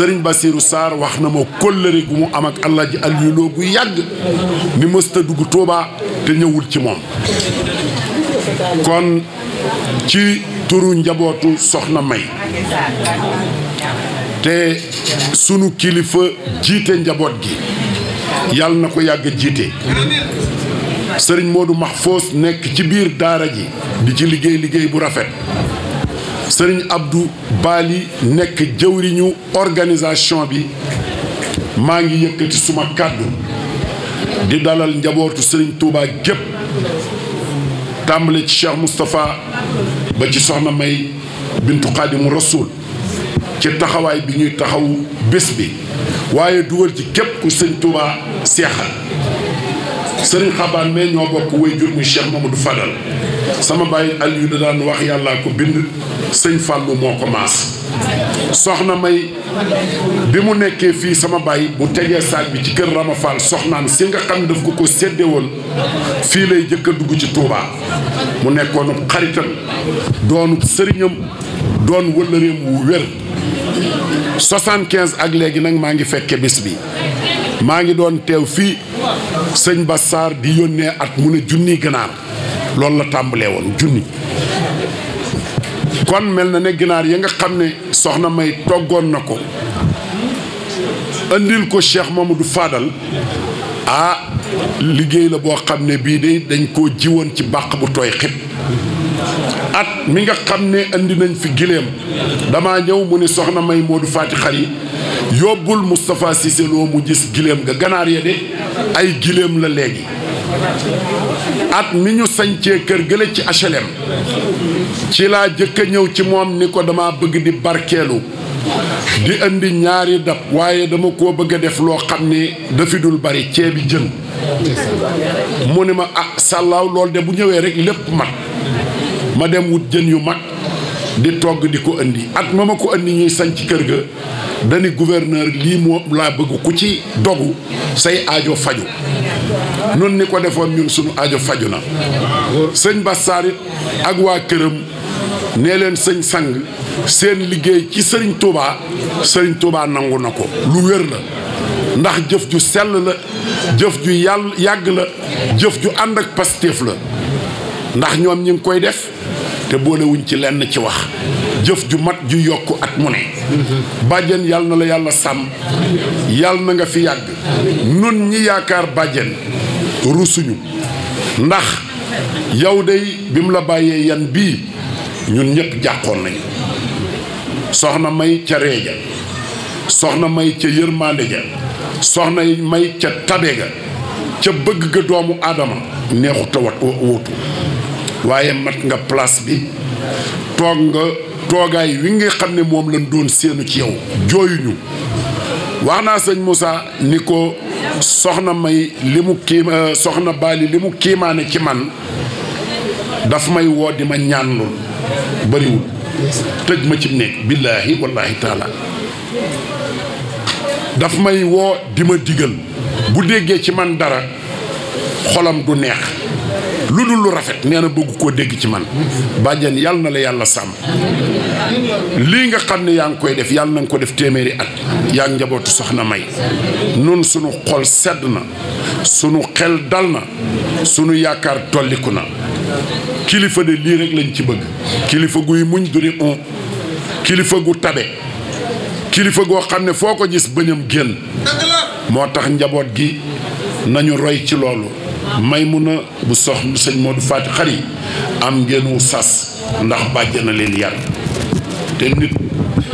sëriñ Bassirou saar wax na ma kóllëre gu mu am ak Alaaji Aliyu Lo gu yàgg ni mësta dugg Tuuba te ñëwul ci moom kon ci turu njabootu soxna May te sunu kilifa jiite njaboot gi yàlla na ko yàgg jiite sëriñ max foos nekk ci biir daara ji di ci liggéey liggéey bu rafet sëriñ Abdou Bali nekk jëwriñu organisation bi maa ngi yëkkati suma kàddu di dalal njabootu sëriñ Touba gépp tàmbali ci Cheikh Moustapha ba ci soxna May bintu Xaadimu rasuul ci taxawaay bi ñuy taxaw bés bi waaye dugal ci képp ku sëriñ Touba seexal sëriñ xabaan mee ñoo bokk way jur muy Cheikh Mamadou Fadal sama bàyyi Aliou da daan wax yàllaa ko bind sëñ Fallou moo ko maas soxna may bi mu nekkee fii sama bàyyi bu tegee saag bi ci kër Rama Fall soxnaan si nga xam ne daf ko ko sédde woon fii lay jëkk a dugg ci Touba mu nekkoonub xaritam doonub sëriñam doon wëllëreem wu wér quinze ak léegi nag maa ngi fekk bis bi maa ngi doon teew fii sëñ Bassar di yónnee at mu ne junni ganaar loolu la tàmbalee woon junni kon mel na ne ganaar ya nga xam ne soxna May toggoon na ko andil ko Cheikh Mamadou Fadal ah liggéey la boo xam ne bii de dañ koo jiwoon ci bàq bu tooy xib at mi nga xam ne indi nañ fi gileem dama ñëw mu ne soxna May Modou Fati xar yi yóbbul Moustapha Cissé mu gis gileem ga ganaar ya de ay giléem la léegi at mi ñu sañcee kër gële ci HLM ci laa jëkk a ñëw ci moom ni ko dama bëgg di barkeelu di indi ñaari dab waaye dama ko bëgg a def loo xam ni dafi dul bari ceebi jën mu ni ma ah sàllaaw lool de bu ñëwee rek lépp mat ma dem wut jën yu mag di togg di ko indi at ma ma ko indi ñuy sañ ci kër ga dañu gouverneur lii moo laa bëgg ku ci dogu say ajo faju nun ni ko defoon ñun sunu ajo faju na sëñ Bassar ak waa këram nee leen sëñ sang seen liggéey ci sëriñ Touba sëriñ Touba nangu na ko lu wér la ndax jëf ju sel la jëf ju yàll yàgg la jëf ju ànd ak Pastef la ndax ñoom ñu ngi koy def te boolewuñ ci lenn ci wax jëf ju mat ju yokk at mu ne bàjjen yàlla na la yàlla sàmm yàlla na nga fi yàgg nun ñi yaakaar bàjjen rusuñu ndax yow day bi mu la bàyyee yan bii ñun ñëpp jàqoon nañu soxna may ca reeja soxna may ca yërmaande ja soxna may ca tabe ga ca bëgg ga doomu aadama neexu tawat wóotu waaye mat nga place bi toog nga toogaay wi nga xam ne moom lan doon séenu ci yow jooyuñu wax naa sëñ Moussa ni ko soxna may li mu euh, soxna Bali li mu kiimaane ci man daf may woo di ma ñaanul bëriwul tëj ma ci néeg billaahi wallaahi taala daf may woo di ma digal bu déggee ci man dara xolam du neex lu dul lu rafet nee na bëgg koo dégg ci man bàjjan yàlla na la yàlla sàmm lii nga xam ne yaa ngi koy def yàlla na nga ko def téeméeri at yaa ngi njabootu soxna may nun suñu xol sedd na sunu xel dal na sunu yaakaar tolliku na kilifa de lii rek lañ ci bëgg kilifa guy muñ du ni on kilifa gu tabe kilifa goo xam ne foo ko gis bëñam génn moo tax njaboot gi nañu roy ci loolu may Maymuna bu sox sëñ Modou Faty Khary am ngeen sas ndax bàjj na leen yar te nit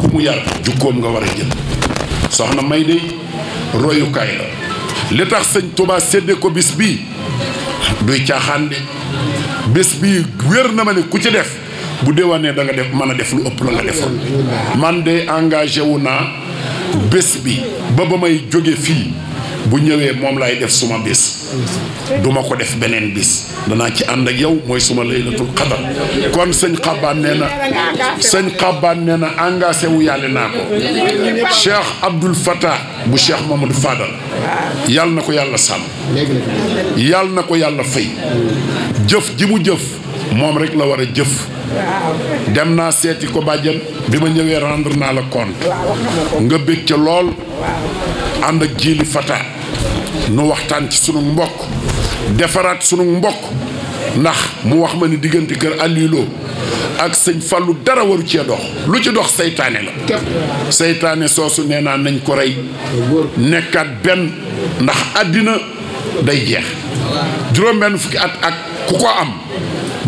ku mu yar jukkoom nga war a jël soxna may day royukaay la li tax sëñ Touba séddee ko bis bii duy caaxaan de bés bii wér na ma ne ku ci def bu déwanee da nga def mën a def lu ëpp la nga defoon man de engagé wu naa bés bi ba ba may jóge fii bu ñëwee moom laay def suma bis duma ko def beneen bis danaa ci ànd ak yow mooy suma laylatul xadar kon sëñ xabaan nee na sëñ xabaan nee na engagé wu yàlle naa ko cheikh abdul fatah bu cheikh mamadou fadal yàlla na ko yàlla sàmm yàlla na ko yàlla fay jëf ji mu jëf moom rek la war a jëf dem naa seeti ko bàjjen bi ma ñëwee rendre naa la compte nga bég ca lool ànd ak jiili fata nu waxtaan ci sunu mbokk defaraat sunu mbokk ndax mu wax ma ni diggante kër Alilo ak sëñ Fallou dara waru cee dox lu ci dox seytaane la seytaane soosu nee naa nañ ko rey nekkaat benn ndax àddina day jeex juróom benn fukki at ak ku ko am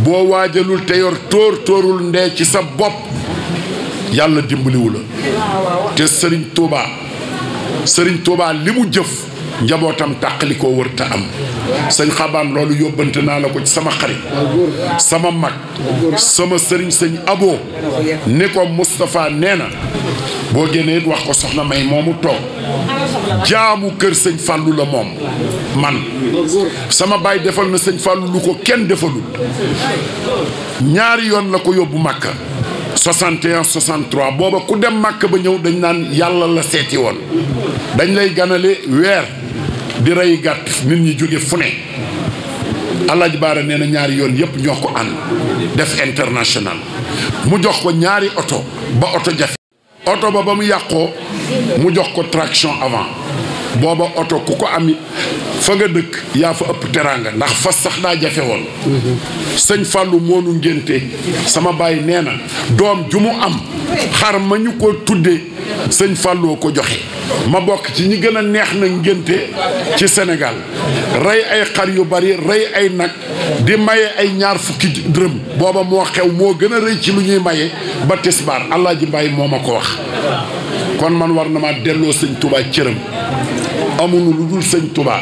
boo waajalul te yor tóor tóorul ndee ci sa bopp yàlla dimbaliwu la te sëriñ Touba sëriñ Touba li mu jëf njabootam tàqali koo wër ta am sëñ xabaam loolu yóbbante naa la ko sama xarit sama mag sama sëriñ sëñ aboo ni ko Moustapha nee na boo génnee wax ko soxna may moomu toog jaamu kër sëñ fàllu la moom man sama baay defal na sëñ fàllu lu ko kenn defalul ñaari yoon la ko yóbbu màkka 61 63 booba ku dem màkk ba ñëw dañ naan yàlla la seeti woon dañ lay ganale weer di rey gàtt nit ñi jóge fu ne Alaaji Baara nee na ñaari yoon yëpp ñoo ko ànd def international mu jox ko ñaari oto ba oto jafe oto ba ba mu yàqoo mu jox ko traction avant booba oto ku ko amit fa nga dëkk yaa fa ëpp teraanga ndax fas sax daa jafe woon sëñ Fallou moonu ngénte sama baay nee na doom ju mu am xar ma ñu ko tuddee sëñ Fallou ko joxe ma bokk ci ñi gën a neex na ngénte ci senegal rey ay xar yu bari rey ay nag di maye ay ñaar fukki dërëm booba moo xew moo gën a rëy ci lu ñuy maye ba tisbaar ji Mbaay moo ma ko wax kon man war na ma delloo sëñ Tuubaa cëram amuñu lu dul sëñ Touba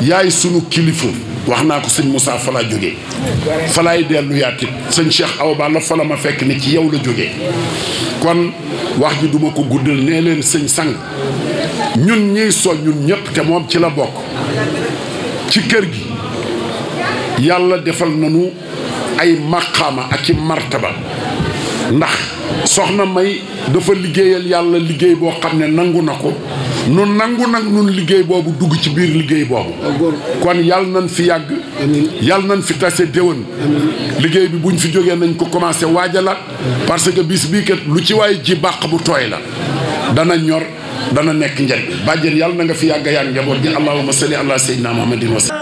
yaay sunu kilifa wax naa ko sëñ Moussa fa laa jógee fa laay dellu yaatit sëñ Cheikh Awa Balla fa la ma fekk ni ci yow la jóge kon wax ji duma ko guddal nee leen sëñ sang ñun ñiy soñ ñun ñëpp te moom ci la bokk ci kër gi yàlla defal nañu ay maqaama ak i martaba ndax soxna May dafa liggéeyal yàlla liggéey boo xam ne nangu na ko nu nangu nag nun liggéey boobu dugg ci biir liggéey boobu kon yàlla nañ fi yàgg yàlla nañ fi tase déwén liggéey bi buñ fi jógee nañ ko commencé la parce que bis bii kat lu ci waay ji bàq bu tooy la dana ñor dana nekk njariñ bàjjen yàlla na nga fi yàgg a yàgg njaboot gi allahumma salli ala sayyidina muhammadin wa